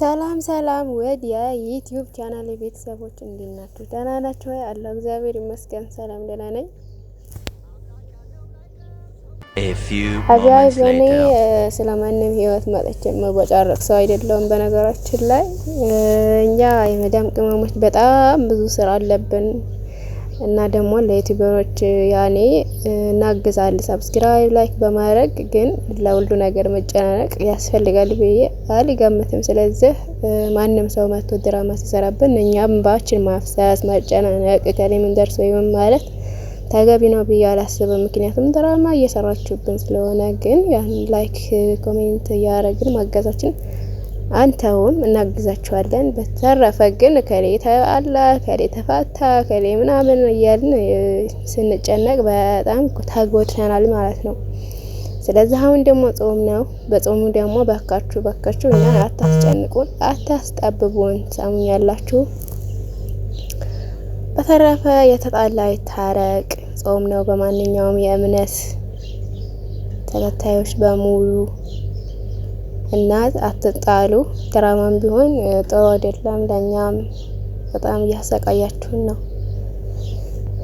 ሰላም ሰላም ወድ የዩቲዩብ ቻናል ቤተሰቦች እንዴት ናችሁ? ደህና ናችሁ ወይ? አለሁ እግዚአብሔር ይመስገን ሰላም ደህና ነኝ። አጃይ በእኔ ስለ ማንም ህይወት መጠች መቦጫረቅ ሰው አይደለውም። በነገራችን ላይ እኛ የመዳም ቅመሞች በጣም ብዙ ስራ አለብን። እና ደግሞ ለዩቲዩበሮች ያኔ እናግዛል ሰብስክራይብ ላይክ በማድረግ ግን ለሁሉ ነገር መጨናነቅ ያስፈልጋል ብዬ አልገምትም። ስለዚህ ማንም ሰው መቶ ድራማ ሲሰራብን እኛም ባችን ማፍሰስ መጨናነቅ ከሌ ምን ደርሶ ይሆን ማለት ተገቢ ነው ብዬ አላስብም። ምክንያቱም ድራማ እየሰራችሁብን ስለሆነ ግን ያን ላይክ ኮሜንት እያደረግን ማገዛችን አንተውም እናግዛቸዋለን። በተረፈ ግን ከሌ ተጣላ፣ ከሌ ተፋታ፣ ከሌ ምናምን እያልን ስንጨነቅ በጣም ተጎድተናል ማለት ነው። ስለዚህ አሁን ደግሞ ጾም ነው። በጾሙ ደግሞ ባካችሁ ባካችሁ እኛን አታስጨንቁን፣ አታስጠብቡን። ያላችሁ። በተረፈ የተጣላ ይታረቅ፣ ጾም ነው። በማንኛውም የእምነት ተከታዮች በሙሉ እናት አትጣሉ። ድራማም ቢሆን ጥሩ አይደለም፣ ለእኛም በጣም እያሰቃያችሁን ነው።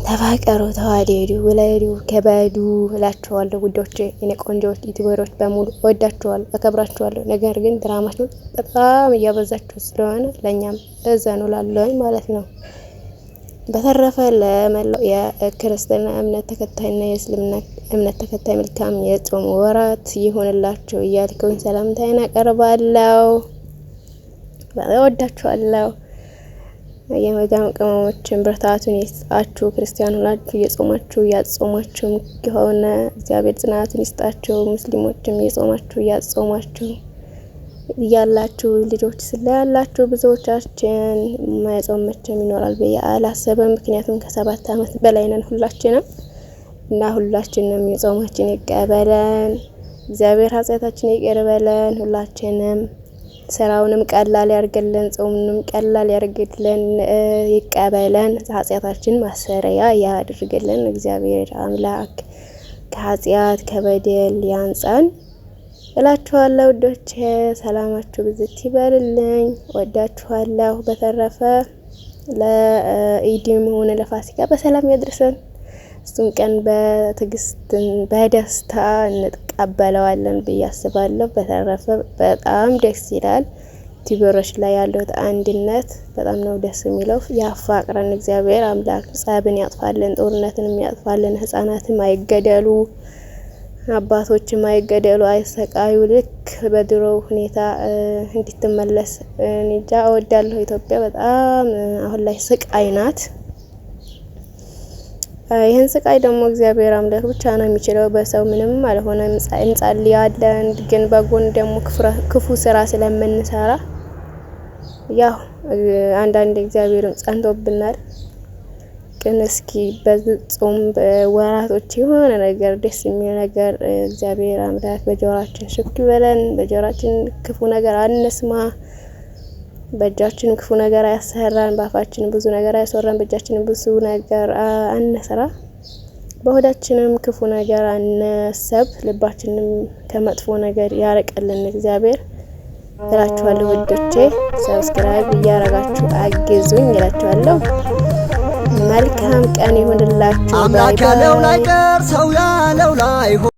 ተፋቀሩ፣ ተዋደዱ፣ ውለዱ፣ ከበዱ እላችኋለሁ። ጉዳዮች የኔ ቆንጆዎች ዩቲዩበሮች በሙሉ እወዳችኋለሁ፣ አከብራችኋለሁ። ነገር ግን ድራማችሁን በጣም እያበዛችሁ ስለሆነ ለእኛም እዘኑ ላለኝ ማለት ነው። በተረፈ ለመላው የክርስትና እምነት ተከታይና የእስልምና እምነት ተከታይ መልካም የጾም ወራት ይሆንላቸው እያልኩኝ ሰላምታዬን አቀርባለሁ። ወዳችኋለሁ። የመዳም ቅመሞችን ብርታቱን ይስጣችሁ። ክርስቲያን ሁላችሁ እየጾማችሁ እያጾማችሁ ከሆነ እግዚአብሔር ጽናቱን ይስጣችሁ። ሙስሊሞችም እየጾማችሁ እያጾማችሁ ያላችሁ ልጆች ስለያላችሁ ብዙዎቻችን ማይጾም መቼም ይኖራል ብዬ አላሰበም። ምክንያቱም ከሰባት ዓመት በላይ ነን ሁላችንም እና ሁላችንም የጾማችን ይቀበለን እግዚአብሔር ኃጢአታችን ይቅር በለን። ሁላችንም ስራውንም ቀላል ያርግልን፣ ጾሙንም ቀላል ያርግልን፣ ይቀበለን፣ ኃጢአታችን ማሰሪያ ያድርግልን። እግዚአብሔር አምላክ ከኃጢአት ከበደል ያንጻን። እላችኋለሁ ውዶቼ፣ ሰላማችሁ ብዝት ይበልልኝ። ወዳችኋለሁ። በተረፈ ለኢድም ሆነ ለፋሲካ በሰላም ያድርሰን። እሱን ቀን በትግስት በደስታ እንቀበለዋለን ብዬ አስባለሁ። በተረፈ በጣም ደስ ይላል። ቲበሮች ላይ ያለው አንድነት በጣም ነው ደስ የሚለው። ያፋቅረን እግዚአብሔር አምላክ። ጸብን ያጥፋልን፣ ጦርነትን ያጥፋልን፣ ህጻናትም አይገደሉ አባቶችም አይገደሉ አይሰቃዩ፣ ልክ በድሮ ሁኔታ እንድትመለስ እንጃ እወዳለሁ። ኢትዮጵያ በጣም አሁን ላይ ስቃይ ናት። ይህን ስቃይ ደግሞ እግዚአብሔር አምላክ ብቻ ነው የሚችለው። በሰው ምንም አልሆነ። እንጸልያለን፣ ግን በጎን ደግሞ ክፉ ስራ ስለምንሰራ ያው አንዳንድ እግዚአብሔርም ጸንቶብናል። ግን እስኪ በጾም ወራቶች የሆነ ነገር ደስ የሚል ነገር እግዚአብሔር አምላክ በጆሯችን ሽክ ይበለን። በጆሯችን ክፉ ነገር አንስማ። በእጃችን ክፉ ነገር አያሰራን። በአፋችን ብዙ ነገር አያስወራን። በእጃችን ብዙ ነገር አንሰራ። በሆዳችንም ክፉ ነገር አነሰብ። ልባችንም ከመጥፎ ነገር ያረቀልን እግዚአብሔር እላችኋለሁ። ወዶቼ ሰብስክራይብ እያረጋችሁ አግዙኝ እላችኋለሁ። መልካም ቀን ይሁንላችሁ። አምላክ ያለው ላይ ቀር ሰው ያለው ላይ